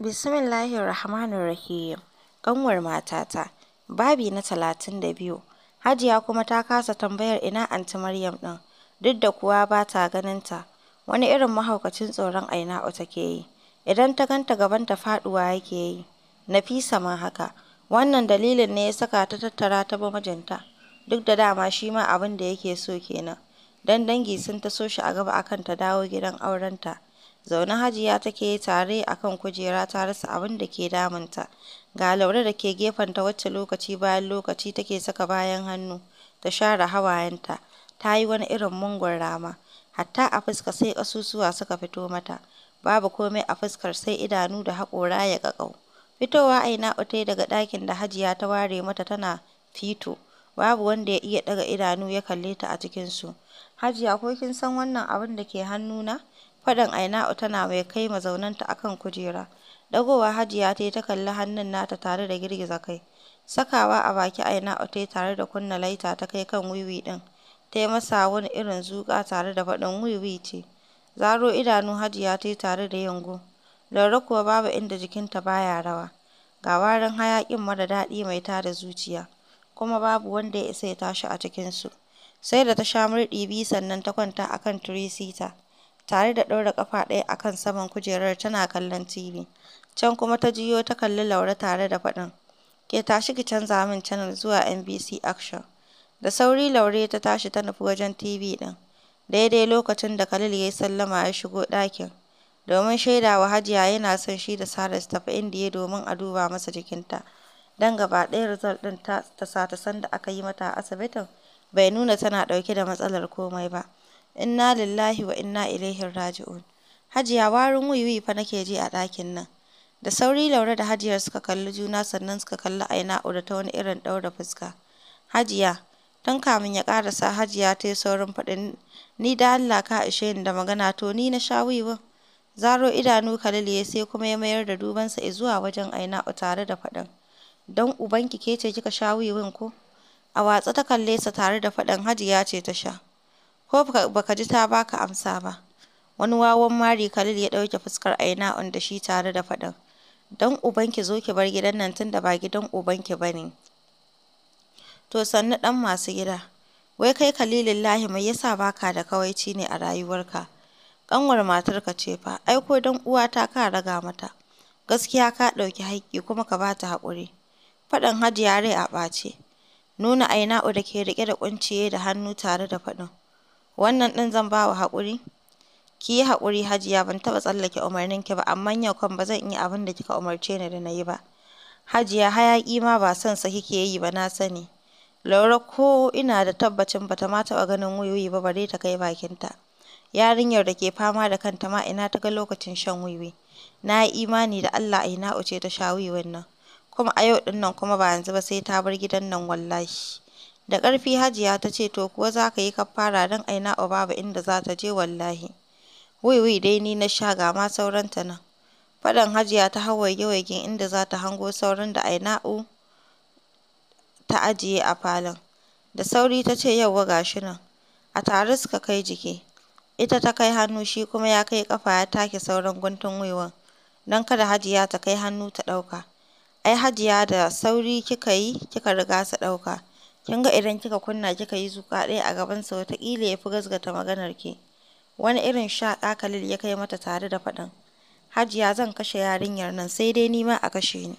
Bismillahir Rahmanir Rahim. Ƙanwar matata, babi na 32. Hajiya kuma ta kasa tambayar ina Anti Maryam ɗin, duk da kuwa ba ta ganin ta. Wani irin mahaukacin tsoron aina o take yi. Idan ta ganta gaban ta faɗuwa yake yi. Nafisa ma haka. Wannan dalilin ne ya saka ta tattara ta ba mijinta. Duk da dama shi ma abin da yake so kenan. Dan dangi sun taso shi a gaba akan ta dawo gidan aurenta. Zaune Hajiya take tare a kan kujera ta rasa abin da ke damunta. Ga Laure da ke gefenta wacce lokaci bayan lokaci take saka bayan hannu ta share hawayenta, ta yi wani irin mungon rama. Hatta a fuska sai ƙasusuwa suka fito mata. Babu komai a fuskar sai idanu da haƙora ya ƙaƙau. Fitowa a ina yi daga ɗakin da Hajiya ta ware mata tana fito. Babu wanda ya iya ɗaga idanu ya kalle ta a cikinsu. Hajiya ko kin san wannan abin da ke hannuna? faɗin Aina'u tana mai kai mazaunanta a kan kujera. Dagowa Hajiya ta yi ta kalli hannun nata tare da girgiza kai. Sakawa a baki Aina'u ta yi tare da kunna laita ta kai kan wiwi ɗin. Ta yi masa wani irin zuƙa tare da faɗin wiwi ce. Zaro idanu Hajiya ta yi tare da yango. Laure kuwa babu inda jikinta baya rawa. Ga warin hayaƙin mara daɗi mai tada zuciya. Kuma babu wanda ya isa ya tashi a cikinsu. Sai da ta sha murɗi biyu sannan ta kwanta a kan tiresita. tare da ɗora ƙafa ɗaya a kan saman kujerar tana kallon TV. Can kuma ta jiyo ta kalli Laure tare da faɗin, "Ke tashi ki canza min channel zuwa NBC Action." Da sauri Laure ta tashi ta nufi wajen TV ɗin, daidai lokacin da Khalil ya yi sallama ya shigo ɗakin, domin shaida wa Hajiya yana son shi da Sara su tafi indiya domin a duba masa jikinta. Don gaba ɗaya result ɗin ta sata da aka yi mata asibitin bai nuna tana ɗauke da matsalar komai ba. Inna lillahi wa inna ilaihi raji'un. Hajiya warin wiwi fa nake ji a ɗakin nan. Da sauri Laure da Hajiyar suka kalli juna sannan suka kalli aina da ta wani irin ɗaura fuska. Hajiya, tun kamin ya ƙarasa Hajiya ta yi saurin faɗin ni da Allah ka ishe ni da magana to ni na sha wiwin. Zaro idanu Khalil ya sai kuma ya mayar da dubansa zuwa wajen aina u tare da faɗin. Don ubanki ke ce kika sha wiwin ko? A watsa ta kalle sa tare da faɗin Hajiya ce ta sha. ko baka ji ta baka amsa ba. Wani wawan mari Khalil ya ɗauke fuskar Aina'un da shi tare da faɗin, don ubanki zo ki bar gidan nan tunda ba gidan ubanki ba ne. To sannu ɗan masu gida, wai kai Khalilullahi mai yasa baka da kawaici ne a rayuwarka? Ƙanwar matarka ce fa, ai ko don ta ka raga mata. Gaskiya ka ɗauki haƙƙi kuma ka bata haƙuri. Faɗin Hajiya rai a ɓace. Nuna Aina'u da ke riƙe da ƙunciye da hannu tare da faɗin. wannan ɗin zan ba wa haƙuri? Ki yi haƙuri Hajiya, ban taɓa tsallake umarninki ba, amma yau kan ba zan iya abin da kika umarce ni da na yi ba. Hajiya, hayaƙi ma ba son sa kike yi ba na sani. laura ko ina da tabbacin bata ma taɓa ganin wiwi ba bare ta kai bakinta. Yarinyar da ke fama da kanta ma ina ta ga lokacin shan wiwi. Na yi imani da Allah a ina uce ta sha wiwin nan. Kuma a yau ɗin nan kuma ba yanzu ba sai ta bar gidan nan wallahi. Da ƙarfi Hajiya ta ce, to kuwa za ka yi kafara don aina a babu inda za ta je wallahi. Wiwi dai ni na sha gama ma sauranta nan. Faɗan Hajiya ta hau waige-waigen inda za ta hango sauran da Aina'u ta ajiye a falon. Da sauri ta ce yauwa ga shi nan. A tare suka kai jiki. Ita ta kai hannu shi kuma ya kai ƙafa ya take sauran guntun wiwin don kada Hajiya ta kai hannu ta ɗauka. Ai Hajiya da sauri kika yi kika riga su ɗauka. Kin ga idan kika kunna kika yi zuƙa ɗaya a gaban gabansa wataƙila ya fi gasgata maganar ki. Wani irin shaƙa kalil ya kai mata tare da faɗin, Hajiya zan kashe yarinyar nan sai dai nima a kashe ni.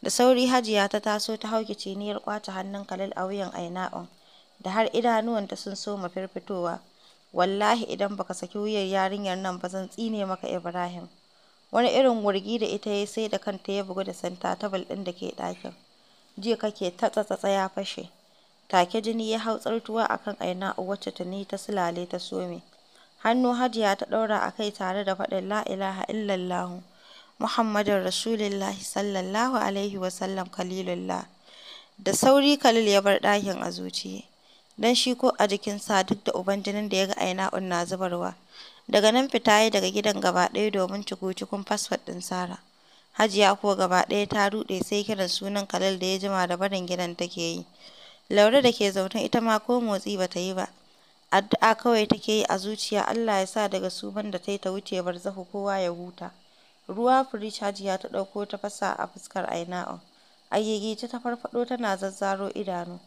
Da sauri Hajiya ta taso ta hau kiciniyar kwata hannun kalil a wuyan Aina'un, da har idanuwanta sun soma firfitowa. Wallahi idan baka saki wuyar yarinyar nan ba zan tsine maka Ibrahim. Wani irin wurgi da ita ya sai da kanta ya bugu da santa tabal ɗin da ke ɗakin. Jiya kake ta tsatsa ya fashe. Take jini ya hau tsartuwa a kan aina wacce ni ta sulale ta some. Hannu Hajiya ta ɗaura a kai tare da faɗin la'ilaha ilaha illallahu Muhammadun Rasulillah sallallahu alaihi wasallam kalilullah Da sauri kalil ya bar ɗakin a zuciye. Don shi ko a jikinsa duk da uban jinin da ya ga aina na zubarwa. Daga nan fita ya daga gidan gaba ɗaya domin ciku-cikun ɗin Sara. Hajiya kuwa gaba ɗaya ta ruɗe sai kiran sunan Khalil da ya jima da barin gidan take yi. Laure da ke zaune ita ma ko motsi ba ta yi ba. Addu'a kawai take yi a zuciya Allah ya sa daga su Banda ta yi ta wuce barzahu kowa ya huta. Ruwa firij Hajiya ta ɗauko ta fasa a fuskar Aina'un. A gigice ta farfaɗo tana zazzaro idanu.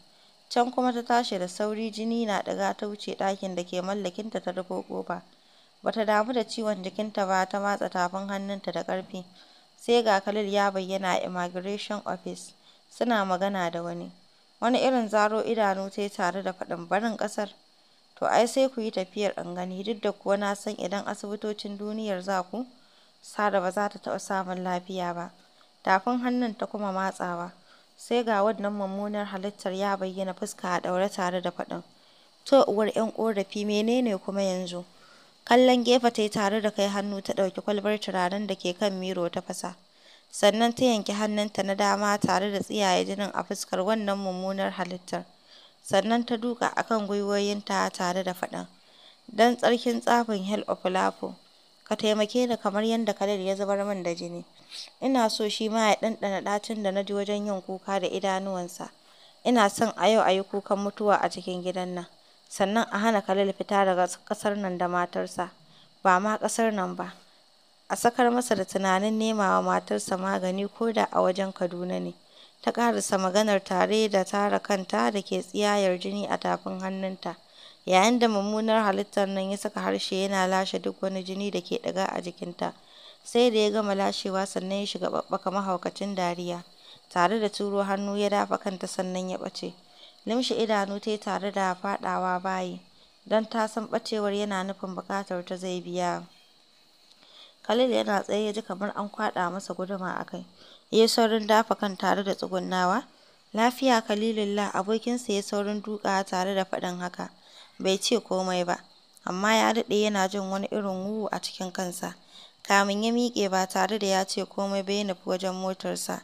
Can kuma ta tashi da sauri jini na ɗiga ta wuce ɗakin da ke mallakinta ta rufo ƙofa. Ba ta damu da ciwon jikinta ba ta matsa tafin hannunta da ƙarfi. Sai ga Khalil ya bayyana a immigration office. Suna magana da wani. Wani irin zaro idanu ta tare da faɗin barin ƙasar, to ai sai ku yi tafiyar in gani duk da kuwa na san idan asibitocin duniyar za ku, Sada ba za ta taɓa samun lafiya ba. Tafin hannun ta kuma matsawa, sai ga wannan mummunar halittar ya bayyana fuska a ɗaure tare da faɗin, to uwar 'yan ƙorafi menene kuma yanzu? Kallon gefe ta tare da kai hannu ta ɗauki kwalbar turaren da ke kan miro ta fasa. sannan ta yanki hannunta na dama tare da tsiyaye jinin a fuskar wannan mummunar halittar, sannan ta duka a kan gwiwoyinta tare da faɗan. "Don tsarkin tsafin Helopilafo, ka taimake ni kamar yadda kalar ya zubar min da jini, ina so shi ma ya ɗanɗana ɗacin da na ji wajen yin kuka da idanuwansa, ina son a yau a yi kukan mutuwa a cikin gidan nan, sannan a hana kalil fita daga ƙasar nan da matarsa, ba ma ƙasar nan ba." a sakar masa da tunanin wa matarsa magani ko da a wajen Kaduna ne. Ta ƙarasa maganar tare da tara kanta da ke tsiyayar jini a tafin hannunta, yayin da mummunar halittar nan ya saka harshe yana lashe duk wani jini da ke ɗiga a jikinta. Sai da ya gama lashewa sannan ya shiga babbaka mahaukacin dariya, tare da turo hannu ya dafa kanta sannan ya ɓace. limshi idanu ta tare da faɗawa bayi, don ta san ɓacewar yana nufin buƙatar ta zai biya. Khalil yana tsaye ji kamar an kwaɗa masa guduma a kai. Ya saurin dafa kan tare da tsugunnawa. Lafiya Khalilullah, abokinsa ya saurin duka tare da faɗin haka. Bai ce komai ba, amma ya daɗe yana jin wani irin wuwu a cikin kansa. Kamin ya miƙe ba tare da ya ce komai ba ya nufi wajen motarsa.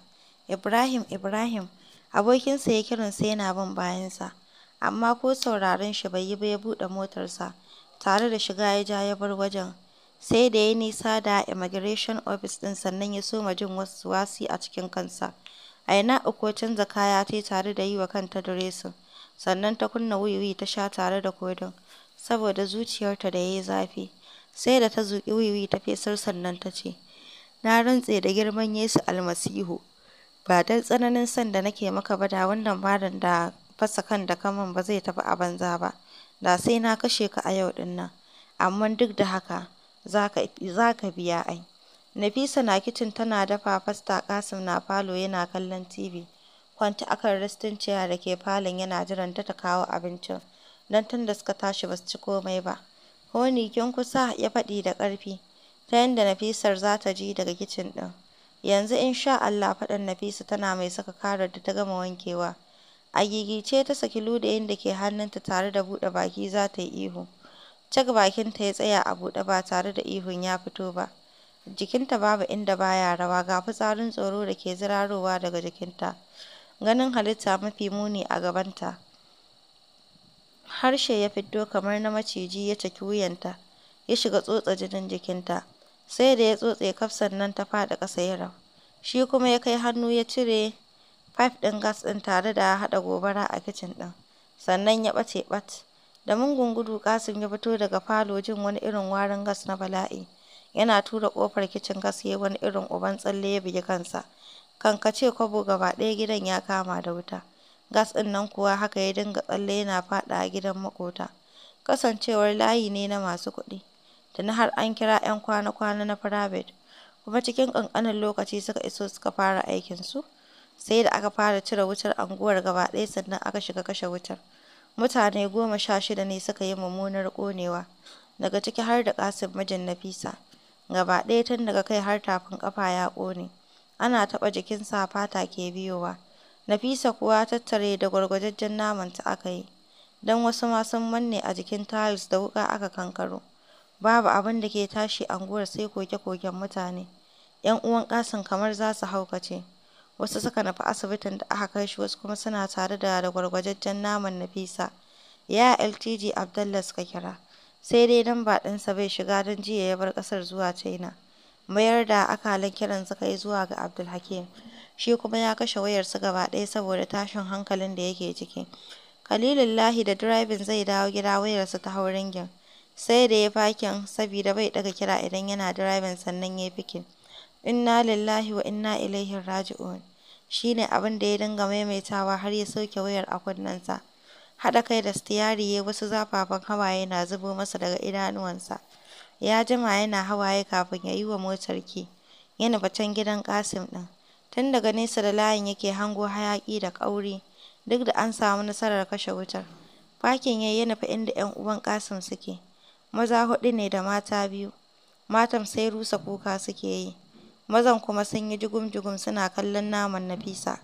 Ibrahim, Ibrahim, abokinsa ya kiransa yana bin bayansa. Amma ko sauraron shi bai yi ba ya buɗe motarsa, tare da shiga ya ja ya bar wajen. Sai da ya nisa da immigration ofis ɗin sannan ya soma jin wasu wasi a cikin kansa. A Aina Uko canza kaya ta tare da yi wa kanta diresin, sannan ta kunna wiwi ta sha tare da kodin, saboda zuciyarta da ya yi zafi. Sai da ta zuƙi wiwi ta fesar sannan ta ce, Na rantse da girman Yesu Almasihu, ba don tsananin son da nake maka ba da wannan marin da fasa kan da kaman ba zai tafi a banza ba, da sai na kashe ka a yau dinnan. nan. Amma duk da haka, zaka ka biya ai. Nafisa na kicin tana dafa fasta Kasim na falo yana kallon TV. Kwanta akan kan resting chair da ke falon yana jiran ta ta kawo abincin. dan tun suka tashi ba ci komai ba. Honi kin kusa ya faɗi da karfi Ta yanda Nafisar za ta ji daga kicin ɗin. Yanzu in sha Allah faɗan Nafisa tana mai saka karar da ta gama wankewa. A gigice ta saki ludayin da ke hannunta tare da buɗe baki za ta yi ihu. Cak bakinta ya tsaya a buɗe ba tare da ihun ya fito ba. Jikinta babu inda baya rawa ga fitsarin tsoro da ke zirarowa daga jikinta. Ganin halitta mafi muni a gabanta. Harshe ya fito kamar na maciji ya caki wuyanta, ya shiga tsotsa jinin jikinta. Sai da ya tsotse kafsannan nan ta faɗi ƙasa yaran. Shi kuma ya kai hannu ya cire fayif ɗin gas ɗin tare da haɗa gobara a kicin ɗin. Sannan ya ɓace ɓat. Da mungun gudu kasim ya fito daga falo jin wani irin warin gas na bala'i. Yana tura kofar kicin gas ya wani irin uban tsalle ya bugi kansa. Kankace kwabo gaba ɗaya gidan ya kama da wuta. Gas ɗin nan kuwa haka ya dinga tsalle yana faɗa gidan makota. Kasancewar layi ne na masu kuɗi. Da na har an kira 'yan kwana-kwana na private. Kuma cikin ƙanƙanin lokaci suka iso suka fara aikinsu. Sai da aka fara cire wutar unguwar gaba ɗaya sannan aka shiga kashe wutar. mutane goma sha shida ne suka yi mummunar konewa. daga ciki har da Qasim mijin Nafisa. Gaba ɗaya tun daga kai har tafin kafa ya ƙone. Ana taɓa jikinsa fata ke biyowa. Nafisa kuwa tattare da gwargwajajjen naman ta aka yi, don wasu ma sun manne a jikin tiles da wuƙa aka kankaro. Babu abin da ke tashi anguwar sai koke-koken mutane. ‘Yan uwan ƙasan kamar za su haukace. wasu suka nufi asibitin da aka kai shi wasu kuma suna tare da da gwargwajajjen naman Nafisa. ya LTG Abdallah suka kira, sai dai ba ɗinsa bai shiga don jiya ya bar ƙasar zuwa China. Mayar da akalin kiran suka yi zuwa ga Abdulhakim, shi kuma ya kashe wayarsa gaba ɗaya saboda tashin hankalin da yake ciki. Khalilullahi da direbin zai dawo gida wayarsa ta hau ringin. sai da ya fakin sabida bai daga kira idan yana direban sannan ya fikin "Inna lillahi wa inna ilaihi raji'un" shi abin da ya dinga maimaitawa har ya sauke wayar a kunnensa. Haɗa kai da sitiyari ya wasu zafafan hawaye na zubo masa daga idanuwansa. Ya jima yana hawaye kafin ya yi wa motar ki, yana bacan gidan kasim ɗin. Tun daga nesa da layin yake hango hayaki da ƙauri, duk da an samu nasarar kashe wutar. Fakin yayi yi fa inda 'yan uwan kasim suke. Maza huɗu ne da mata biyu. Matan sai rusa kuka suke yi. mazan kuma sun yi jigum-jigum suna kallon naman Nafisa,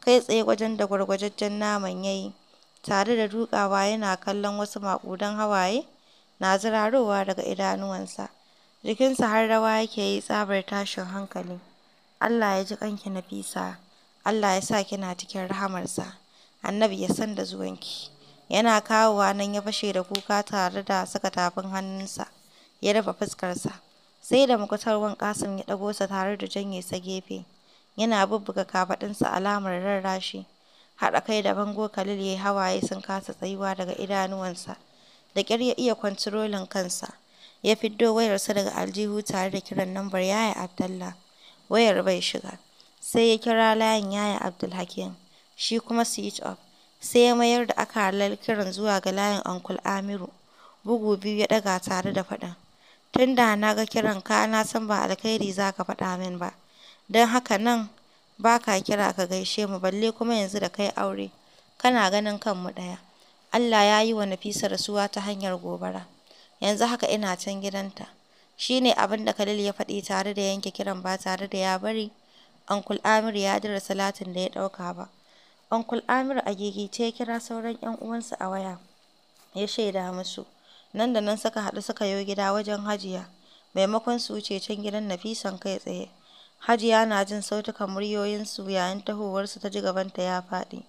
kai tsaye wajen da gwargwajajjen naman ya yi, tare da duƙawa yana kallon wasu maƙudan hawaye na zirarowa daga idanuwansa, jikinsa har rawa yake yi tsabar tashin hankali. Allah ya ji kanki Nafisa, Allah ya sa kina cikin rahamarsa, Annabi ya san da zuwanki. Yana kawowa nan ya fashe da kuka tare da saka tafin hannunsa, ya rufe fuskarsa. sai da makutarwan Kasim ya ɗago sa tare da janye sa gefe, yana bubbuga kafaɗinsa alamar rarrashi. Haɗa kai da bango Khalil ya yi hawaye sun kasa tsayuwa daga idanuwansa. Da ƙyar ya iya kwantirolin kansa, ya fiddo wayarsa daga aljihu tare da kiran nambar Yaya Abdallah. Wayar bai shiga. Sai ya kira layin Yaya Abdulhakim, shi kuma switch off. Sai ya mayar da akalar kiran zuwa ga layin Uncle Amiru. Bugu biyu ya ɗaga tare da faɗin. Tun da na ga kiran ka na san ba alkhairi za ka faɗa min ba, don haka nan ba ka kira ka gaishe mu balle kuma yanzu da ka aure, kana ganin kanmu ɗaya. Allah ya yi wa Nafisa rasuwa ta hanyar gobara, yanzu haka ina can gidanta. Shi ne abin da Khalil ya faɗi tare da yanke kiran ba tare da ya bari Uncle Amir ya dira salatin da ya ɗauka ba. Uncle Amir a gigice ya kira sauran 'yan uwansa a waya, ya shaida musu. nan da nan saka haɗu suka yo gida wajen Hajiya, maimakon su wuce can gidan Nafisan kai tsaye. Hajiya na jin sautukan muryoyinsu yayin tahowarsu ta ji gabanta ya faɗi,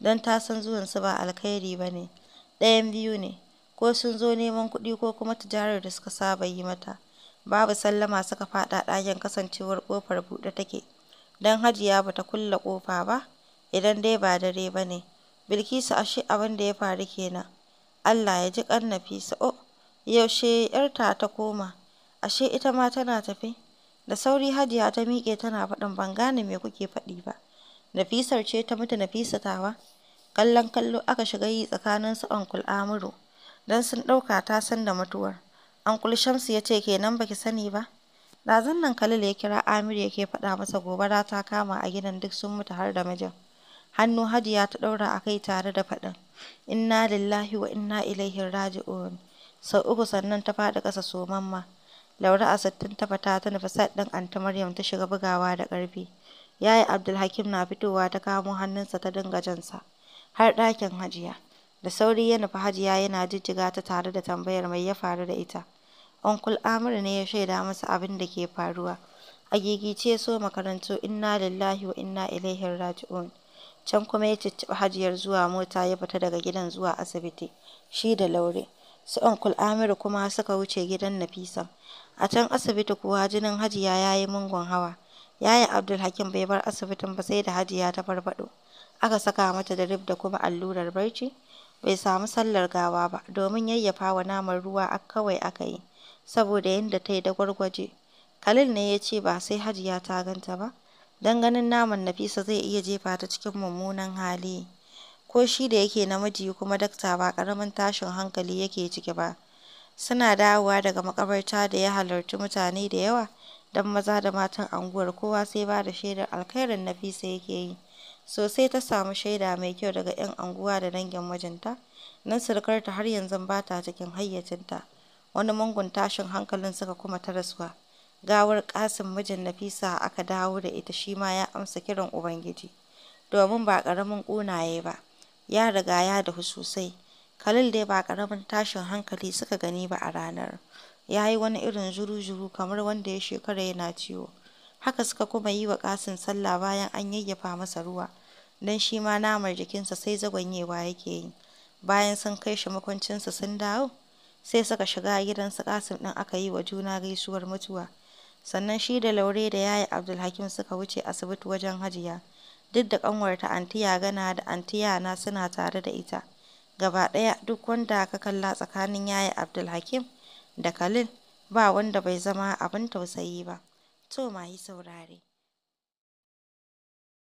don ta san zuwansu ba alkhairi ba ne. Ɗayan biyu ne, ko sun zo neman kuɗi ko kuma tijarar da suka saba yi mata. Babu sallama suka faɗa ɗakin kasancewar ƙofar buɗe take, don Hajiya ba ta kulle ƙofa ba, idan dai ba dare ba ne. Bilkisu ashe abin da ya faru kenan. Allah ya ji ƙan Nafisa, oh, yaushe 'yarta ta koma, ashe ita ma tana tafi? Da sauri Hajiya ta miƙe tana faɗin ban gane me kuke faɗi ba. Nafisar ce ta mutu Nafisa tawa. Kallon kallo aka shiga yi tsakanin su Uncle Amuru, don sun ɗauka ta san da mutuwar. ankul Shamsu ya ce kenan baki sani ba. Ɗazun nan Khalil ya kira Amir yake faɗa masa gobara ta kama a gidan duk sun mutu har da mijin. Hannu Hajiya ta ɗaura a kai tare da faɗin. "Inna lillahi wa inna ilaihi raji'un" sau uku sannan ta faɗi ƙasa somamma. laura a sittin ta fita ta nufi ɗin anta Maryam ta shiga bugawa da ƙarfi. Yaya Abdulhakim na fitowa ta kamo hannunsa ta dinga jansa har ɗakin Hajiya. Da sauri ya nufi Hajiya yana jijjiga ta tare da tambayar mai ya faru da ita. Uncle Amir ne ya shaida masa abin da ke faruwa. A gigice so makarantu, "Inna lillahi wa inna ilaihi raji'un." Can kuma ya cicciɓi Hajiyar zuwa mota ya fita daga gidan zuwa asibiti, shi da Laure. Su Uncle Amiru kuma suka wuce gidan Nafisa. A can asibiti kuwa jinin Hajiya ya yi mungon hawa. Yayin Abdulhakim bai bar asibitin ba sai da Hajiya ta farfaɗo. Aka saka mata da rib da kuma allurar barci. Bai samu sallar gawa ba domin yayyafa wa naman ruwa kawai aka yi. Saboda yadda ta yi da gwargwaje. Khalil ne ya ce ba sai Hajiya ta ganta ba. don ganin naman Nafisa zai iya jefa ta cikin mummunan hali. Ko shi da yake namiji kuma dakta ba karamin tashin hankali yake ciki ba. Suna dawowa daga makabarta da ya halarci mutane da yawa don maza da matan anguwar kowa sai ba da shaidar alkhairin Nafisa yake yi. Sosai ta samu shaida mai kyau daga 'yan anguwa da dangin mijinta, nan surukarta har yanzu ba ta cikin hayyacinta. Wani mungun tashin hankalin suka kuma ta rasuwa. Gawar Qasim mijin Nafisa aka dawo da ita shima ya amsa kiran Ubangiji, domin ba ƙaramin kunaye ba, ya riga ya dahu sosai. Khalil dai ba karamin tashin hankali suka gani ba a ranar. Ya yi wani irin zuru-zuru kamar wanda ya shekara yana ciwo. Haka suka kuma yi wa Qasim sallah bayan an yayyafa masa ruwa, don shi ma namar jikinsa sai zagwanyewa yake yi. Bayan sun kai shi makwancinsa sun dawo, sai suka shiga gidansa ƙasim ɗin aka yi wa juna gaisuwar mutuwa. sannan shi da Laure da yaye Abdulhakim suka wuce asibiti wajen Hajiya. Duk da ƙanwarta Antiya Gana da Antiya na suna tare da ita. Gaba ɗaya duk wanda ka kalla tsakanin yaye Abdulhakim da Khalil ba wanda bai zama abin tausayi ba. To ma yi saurare.